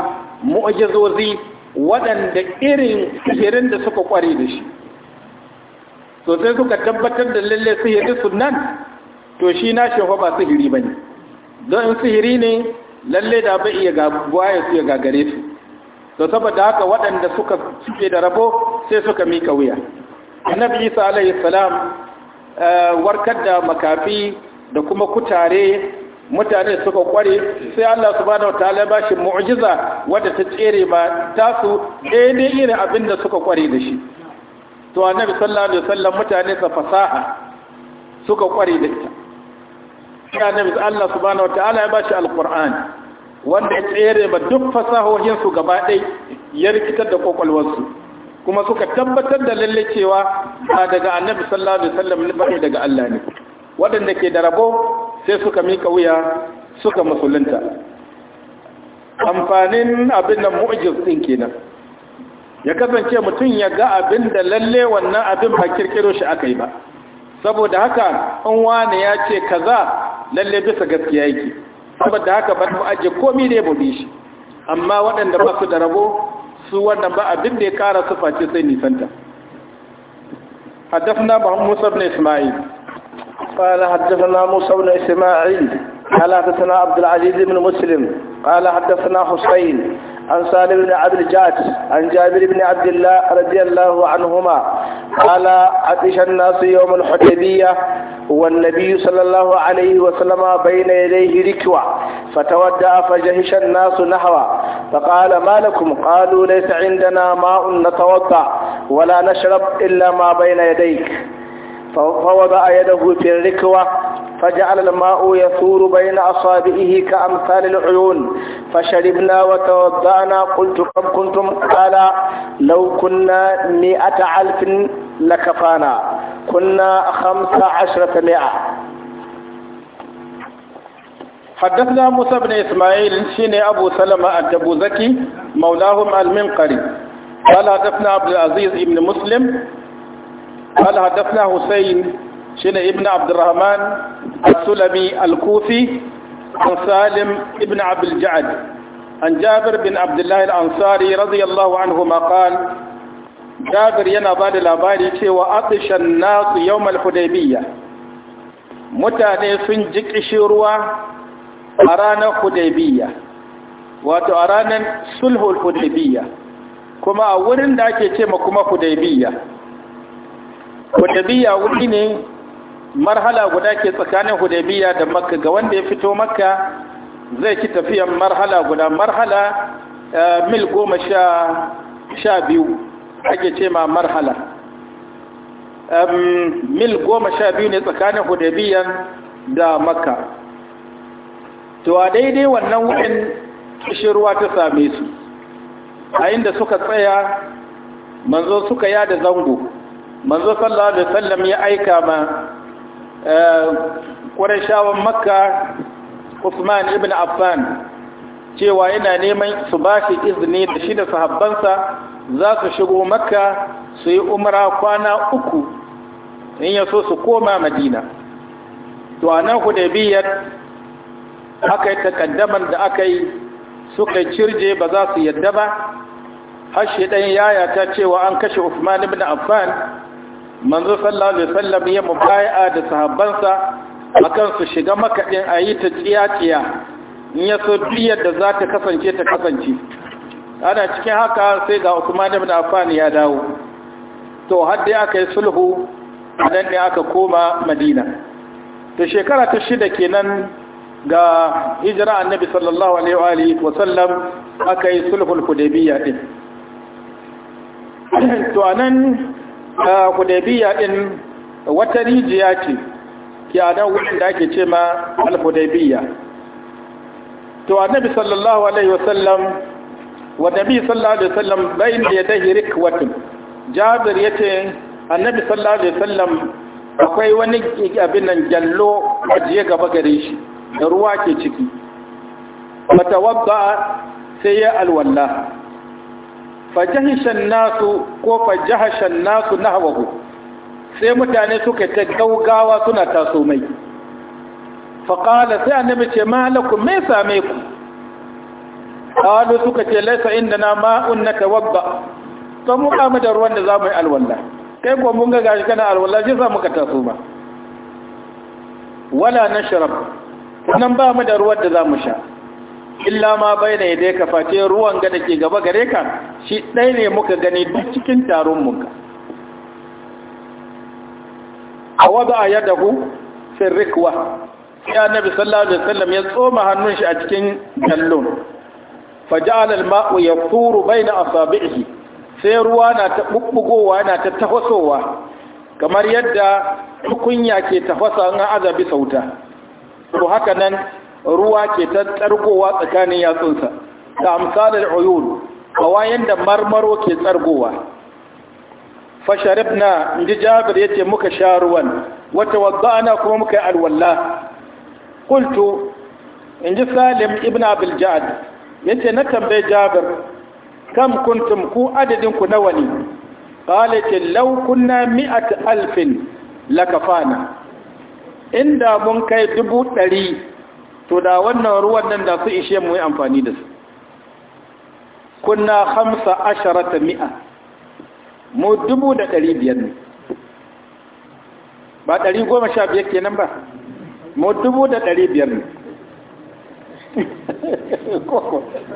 mu'jizozi waɗanda irin sihirin da suka kware da shi to sai suka tabbatar da lalle sihiri sunan to shi na shehu ba sihiri bane don in sihiri ne lalle da bai iya gabuwa ya su ya gagare su to saboda haka waɗanda suka suke da rabo sai suka mika wuya annabi isa alaihi salam eh, warkar da makafi da kuma kutare mutane suka kware sai Allah subhanahu wataala ya bashi mu'jiza wadda ta tsere ba tasu daidai irin abin da suka kware da shi to annabi sallallahu alaihi wasallam mutane sa fasaha suka kware da ita sai annabi Allah subhanahu wataala ya bashi alquran wanda ya tsere ba duk fasahohin su gaba ɗaya ya rikitar da su. kuma suka tabbatar da lalle cewa ba daga annabi sallallahu alaihi wasallam ne ba daga Allah ne waɗanda ke da rabo sai suka mika wuya suka musulunta amfanin abin da mu'jiz din kenan ya kasance mutum ya ga abin da lalle wannan abin ba kirkiro shi aka yi ba saboda haka in wani ya ce kaza lalle bisa gaskiya yake saboda haka ba mu aje komai ne mu bi shi amma waɗanda ba su da rabo su wannan ba abin da ya kara su face sai nisanta حدثنا محمد بن isma'il قال حدثنا موسى بن إسماعيل قال حدثنا عبد العزيز بن مسلم قال حدثنا حسين عن سالم بن عبد الجاج عن جابر بن عبد الله رضي الله عنهما قال عطش الناس يوم الحديبية والنبي صلى الله عليه وسلم بين يديه ركوة فتودع فجهش الناس نحوه فقال ما لكم قالوا ليس عندنا ماء نتوضع ولا نشرب إلا ما بين يديك فوضع يده في الركوة فجعل الماء يثور بين أصابعه كأمثال العيون فشربنا وتوضعنا قلت كم كنتم قال لو كنا مئة ألف لكفانا كنا خمس عشرة مئة حدثنا موسى بن إسماعيل شيني أبو سلمة زكي مولاهم المنقري قال حدثنا عبد العزيز بن مسلم قال حدثنا حسين شن ابن عبد الرحمن السلمي الكوفي عن سالم ابن عبد الجعد عن جابر بن عبد الله الأنصاري رضي الله عنهما قال جابر ينا بعد الأباري وأطش الناس يوم الحديبية mutane sun ji ƙishirwa a ranar hudaybiya wato a ranar sulhul hudaybiya kuma a wurin da ake ce ma kuma hudaybiya Hudabiya wuri ne marhala guda ke tsakanin hudabiya da makka ga wanda ya fito makka zai ci tafiyan marhala guda marhala eh, mil goma sha biyu ake ce ma marhala mil goma sha biyu ne tsakanin hudaybiyan da makka to a daidai wannan wurin kishirwa ta same su a inda suka tsaya manzo suka yada zango manzo sallallahu alaihi wasallam ya aika ma eh, Qurayshawan makka usman ibn affan cewa yana neman su ba shi izini da shi da sahabbansa za su shigo makka su yi umra kwana uku in ya so su koma madina to a nan Hudaybiyyah aka yi takaddaman da aka yi suka cirje ba za su yadda ba har shi ɗan yaya ta cewa an kashe usman ibn affan manzo sallallahu alaihi wasallam ya mubai'a da sahabbansa akan su shiga makadin ayi ta tiyatiya in ya so biyar da za ta kasance ta kasance ana cikin haka sai ga Usman ibn Affan ya dawo to har dai aka yi sulhu nan ne aka koma Madina to shekara ta shida kenan ga hijira annabi sallallahu alaihi wa sallam aka yi sulhul hudaybiyya din to anan hudaybiya in wata rijiya ce ke a nan wurin da ake ce ma al-hudaybiya to annabi sallallahu alaihi wasallam wa nabi sallallahu alaihi wasallam bayin da yadayhi rikwatin jabir yace annabi sallallahu alaihi wasallam akwai wani abin nan a ajiye gaba gare shi da ruwa ke ciki matawadda sai ya alwallah fajahishan nasu ko fajahashan nasu nahwahu sai mutane suka ta gaugawa suna taso mai faƙala sai annabi ce malakum me same ku qalu suka ce laisa indana ma'un natawabba to mu kamu da ruwan da zamu yi alwala kai ko mun ga gashi kana alwala shi za mu ka taso ba wala nashrab nan ba mu da ruwan da zamu sha illa ma bai da yadda ka face ruwan ga da ke gaba gare ka shi ɗai ne muka gani duk cikin taron muka a wadda a yadda ya nabi sallallahu alaihi wasallam ya tsoma hannun shi a cikin gallon faja'al al-ma'u yafuru baina asabi'ihi sai ruwa na ta bubbugowa na ta tafasowa kamar yadda tukunya ke tafasa an azabi sauta to haka nan ruwa ke ta tsargowa tsakanin yatsunsa da amsalar uyun kawayen da marmaro ke tsargowa fasharibna ji jabir yace muka sha ruwan wata ana kuma muka yi alwalla in inji salim ibn abul yace na tambayi jabir kam kuntum ku adadin ku nawa ne qala ce law mi'at alfin lakafana inda mun kai dubu ɗari to da wannan ruwan nan da su ishe mu yi amfani da su kunna hamsa asharata mi'a mu dubu da ɗari biyar ne ba ɗari goma sha biyar kenan ba mu dubu da ɗari biyar ne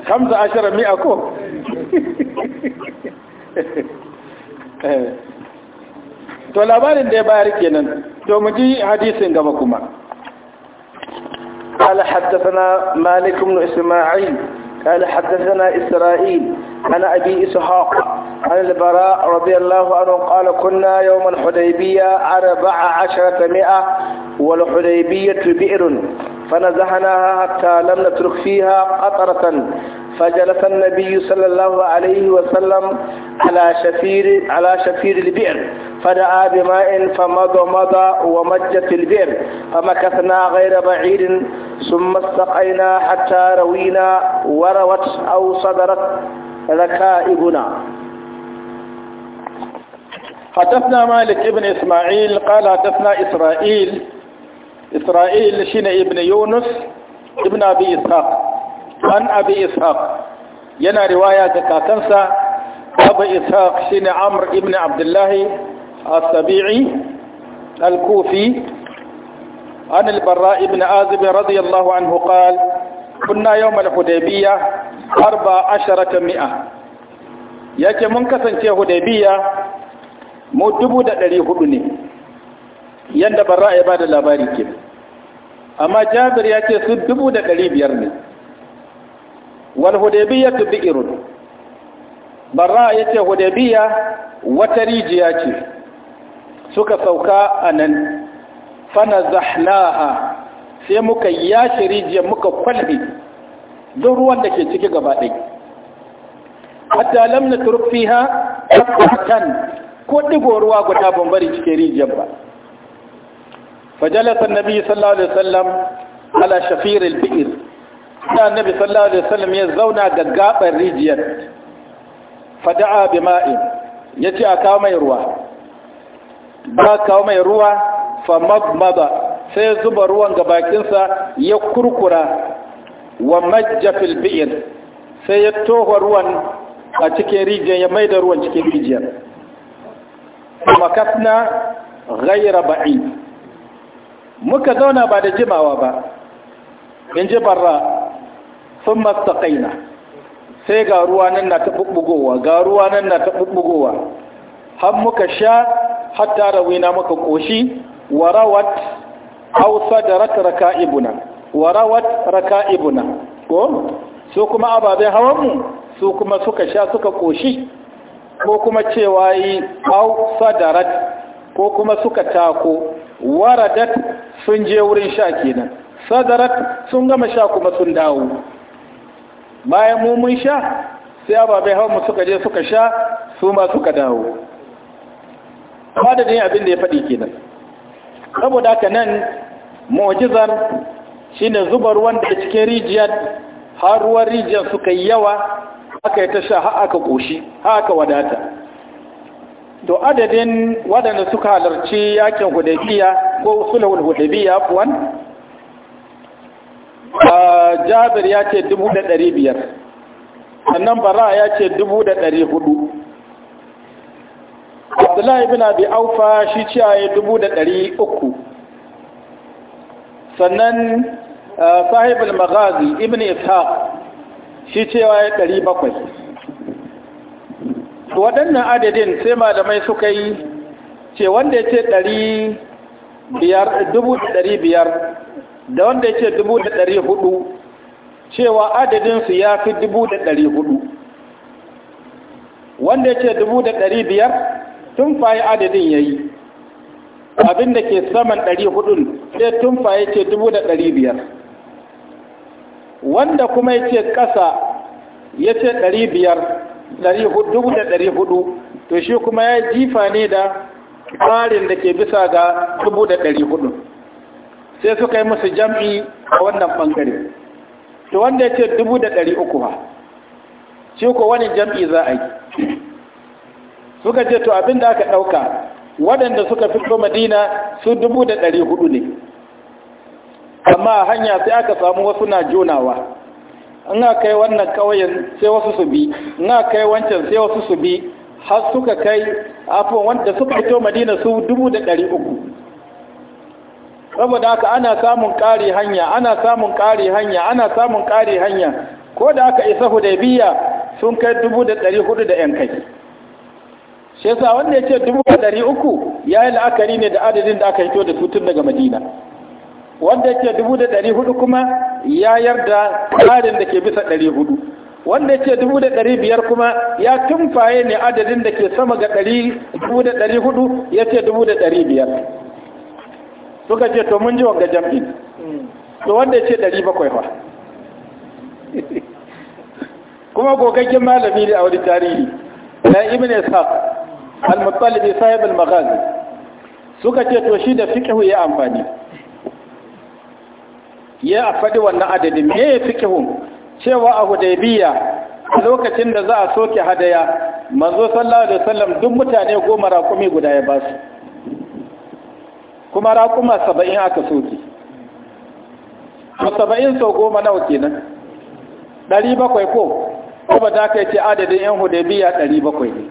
hamsa asharata mi'a ko eh. to labarin da ya bayar kenan to mu ji hadisin gaba kuma قال حدثنا مالك بن إسماعيل قال حدثنا إسرائيل عن أبي إسحاق عن البراء رضي الله عنه قال كنا يوم الحديبية أربع عشرة مئة والحديبية بئر فنزهناها حتى لم نترك فيها قطرة فجلس النبي صلى الله عليه وسلم على شفير على شفير البئر فدعا بماء فمضى مضى ومجت البئر فمكثنا غير بعيد ثم استقينا حتى روينا وروت أو صدرت ركائبنا حدثنا مالك ابن إسماعيل قال حدثنا إسرائيل إسرائيل شين ابن يونس ابن أبي إسحاق عن أبي إسحاق ينا رواية كاكنسا أبو إسحاق شين عمرو ابن عبد الله السبيعي الكوفي عن البراء بن عازب رضي الله عنه قال كنا يوم الحديبية أربع عشرة مئة يكي منكسا في حديبية مدبودة لليهودني yanda ban ra'ayi ba da labari ke amma jabir ya ce su dubu da ɗari biyar ne wal hudaybiya tu bi'irun ban ra'ayi ya ce hudaybiya wata rijiya ce suka sauka a nan Fana fanazahlaha sai muka yashi rijiyar muka kwalbe duk ruwan da ke ciki gaba ɗai hatta lam na ha tabbatan ko ɗigo ruwa guda bambari cikin rijiyar ba fajalasa nabi sallallahu alaihi wasallam ala shafir al-bi'r da nabi sallallahu alaihi wasallam ya zauna ga gaban rijiyar fada'a bima'in yace a kawo mai ruwa ba kawo mai ruwa famabmada sai ya zuba ruwan ga bakinsa ya kurkura wa majja fil sai ya toho ruwan a cikin rijiyar ya maida ruwan cikin rijiyar makasna gaira ba'i muka zauna ba da jimawa ba in ji barra sun mastaƙaina sai ga ruwa nan na ta ɓuɓɓugowa ga ruwa nan na ta ɓuɓɓugowa har muka sha hatta rawina muka ƙoshi warawat aw sadarat raka'ibuna warawat raka'ibuna ko su kuma ababen hawan su kuma suka sha suka koshi ko kuma cewa yi aw sadarat ko kuma suka tako waradat sun je wurin sha kenan sadarat sun gama sha kuma sun dawo bayan mu sha sai ababen hawan mu suka je suka sha su ma suka dawo ne abin da ya faɗi kenan saboda haka nan mu'jizar shine zubar wanda cikin rijiyar har ruwan rijiyar suka yi yawa aka yi ta sha har aka ƙoshi har aka wadata to adadin waɗanda suka halarci yakin hudabiya ko sulhul hudabiya afwan jabir ya ce dubu da ɗari biyar sannan bara ya ce dubu da ɗari hudu abdullahi bin abi aufa shi ciyaye dubu da ɗari uku sannan uh, sahib al-maghazi ibn ishaq shi ciyaye ɗari bakwai waɗannan adadin sai malamai suka yi ce wanda ya ce ɗari biyar dubu da ɗari biyar da wanda ya ce dubu da ɗari hudu cewa adadinsu ya fi dubu da ɗari hudu wanda ya ce dubu da ɗari biyar Tunfaye adadin ya yi abin da ke saman ɗari hudun sai tunfaye ce dubu da ɗari biyar wanda kuma ya ce ƙasa ya ce ɗari biyar dubu da ɗari hudu to shi kuma ya jifa ne da tsarin da ke bisa ga dubu da ɗari hudu sai suka yi musu jam'i a wannan ɓangare to wanda ya ce dubu da ɗari uku ha shi ko wani jam'i za a yi suka ce to abin da aka ɗauka waɗanda suka fito madina su dubu da ɗari hudu ne amma hanya sai aka samu wasu na jonawa ina kai wannan ƙauyen sai wasu su bi ina kai wancan sai wasu su bi har suka kai afon wanda suka fito madina su dubu da ɗari uku saboda haka ana samun ƙari hanya ana samun ƙari hanya ana samun ƙari hanya ko da aka isa hudaybiya sun kai dubu da ɗari hudu da 'yan kai shi yasa wanda ya ce dubu ɗari uku ya yi la'akari ne da adadin da aka hito da tutun daga madina wanda ya ce dubu da ɗari hudu kuma ya yarda tsarin da ke bisa ɗari hudu wanda ya ce dubu da ɗari biyar kuma ya tumfaye ne adadin da ke sama ga ɗari dubu da ɗari hudu ya ce dubu da ɗari biyar suka ce to mun ji wanga jam'i to wanda ya ce ɗari bakwai fa kuma gogaggen malami ne a wani tarihi na ibn ishaq al-muttalibi sahib al-maghazi suka ce to shi da fiqhu ya amfani ya faɗi wannan adadin me ya fiqhu cewa a hudaybiya lokacin da za a soke hadaya manzo sallallahu alaihi wasallam duk mutane goma raƙumi guda ya basu kuma raƙuma saba'in aka soke to saba'in sau goma nawa kenan ɗari bakwai ko ba da kai ce adadin yan hudaybiya ɗari bakwai ne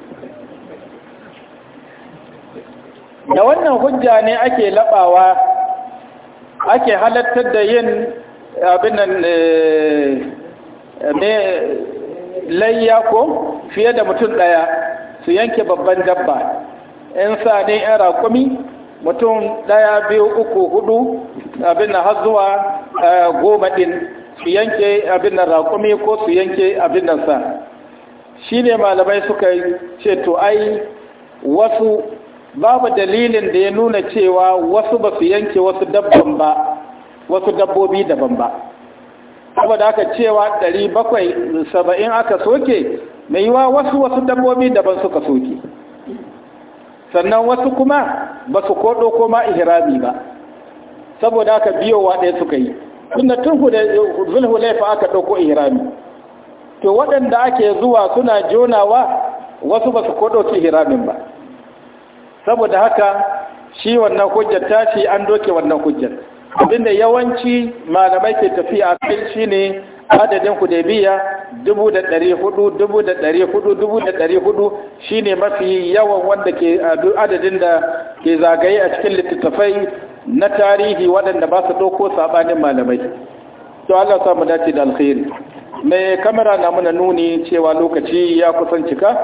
da wannan hujja ne ake labawa ake halattar da yin abinan ne eh, layya ko fiye da mutum ɗaya su yanke babban dabba in sa ne yan rakumi mutum ɗaya biyu uku hudu abin har zuwa eh, goma ɗin su yanke abin rakumi ko su yanke abin nan sa shi ne malamai suka ce to ai wasu babu dalilin da ya nuna cewa wasu ba su yanke wasu dabban ba wasu dabbobi daban ba saboda aka cewa 770 aka soke mai yiwa wasu wasu dabbobi daban suka soke sannan wasu kuma ba su kodo koma ihrami ba saboda aka biyowa ɗaya suka yi tunda tun laifin aka ɗauko ihrami to waɗanda ake zuwa suna jonawa wasu ba su kodo ihramin ba saboda haka shi wannan hujjar tashi an doke wannan hujjar abinda yawanci malamai ke tafiya a shi ne adadin hudaybiya dubu da ɗari shine mafi yawan wanda ke adadin da ke zagaye a cikin littattafai na tarihi waɗanda ba su ɗauko sabanin malamai to Allah samu dace da alkhairi mai kamera na muna nuni cewa lokaci ya kusan cika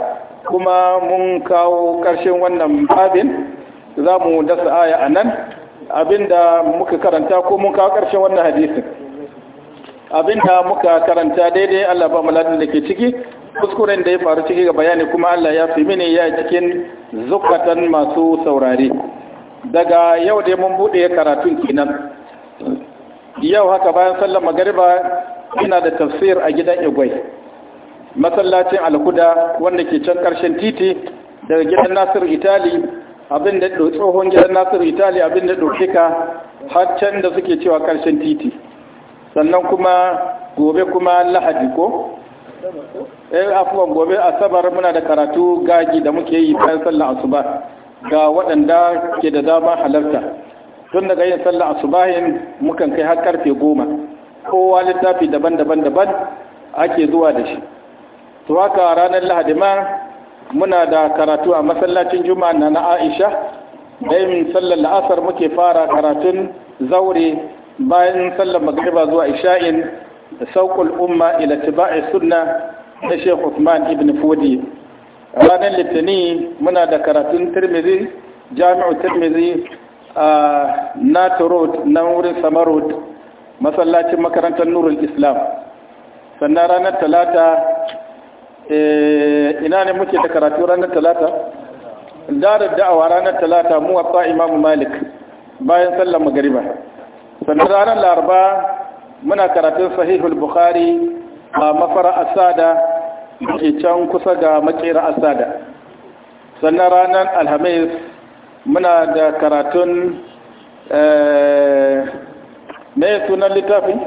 kuma mun kawo ƙarshen wannan babin za mu dasa aya a nan abinda muka karanta ko mun kawo ƙarshen wannan hadisin abinda muka karanta daidai Allah ba muladin da ke ciki kuskuren da ya faru ciki ga bayani kuma Allah ya fi mini ya cikin zukatan masu saurari. daga yau dai mun buɗe karatun kenan yau haka bayan sallar magariba yana da tafsir a gidan igwai masallacin alkuda wanda ke can karshen titi daga gidan nasir itali abin da tsohon gidan nasir itali abin da ɗaukika har can da suke cewa karshen titi sannan kuma gobe kuma lahadi ko eh afuwan gobe asabar muna da karatu gagi da muke yi bayan sallar asuba ga waɗanda ke da dama halarta tun daga yin sallar asubahin mukan kai har karfe goma kowa littafi daban-daban daban ake zuwa da shi to haka ranar lahadi ma muna da karatu a masallacin juma'a na aisha yin sallar la'asar muke fara karatun zaure bayan sallar magriba zuwa isha'in da sauƙul umma ila tiba'i sunna na sheikh usman ibn fudi ranar litini muna da karatun tirmidhi jami'u tirmidhi a ah, nato road na wurin samarot masallacin makarantar nurul islam sannan ranar talata eh, ina ne muke da karatu ranar talata darar da'awa ranar talata mu wasa imamu malik bayan sallar magariba sannan ranar laraba muna karatun sahihul bukhari a mafara asada ke can kusa ga makera asada sannan ranar alhamis muna da karatun eh, me sunan littafin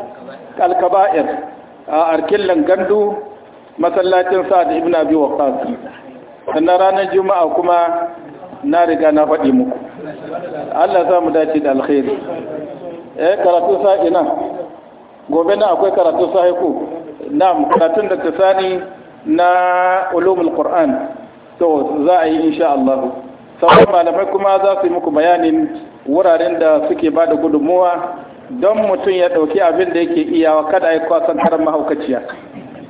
alkaba'ir a arkillan gandu masallacin sa'ad ibn abi waqas sannan ranar juma'a kuma na riga na faɗi muku Allah za mu dace da alkhairi eh karatu sa'i na gobe na akwai karatu sa'i ku na'am karatun da tsani na ulumul qur'an to za a yi insha Allah sauran malamai kuma za su yi muku bayanin wuraren da suke bada da gudunmuwa don mutum ya ɗauki abin da yake iyawa kada ya kwasan karan mahaukaciya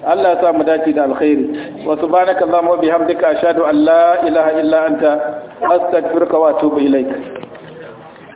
Allah ya sa mu dace da alkhairi wa subhanaka allahumma wa bihamdika ashhadu an la ilaha illa anta astaghfiruka wa atubu ilaik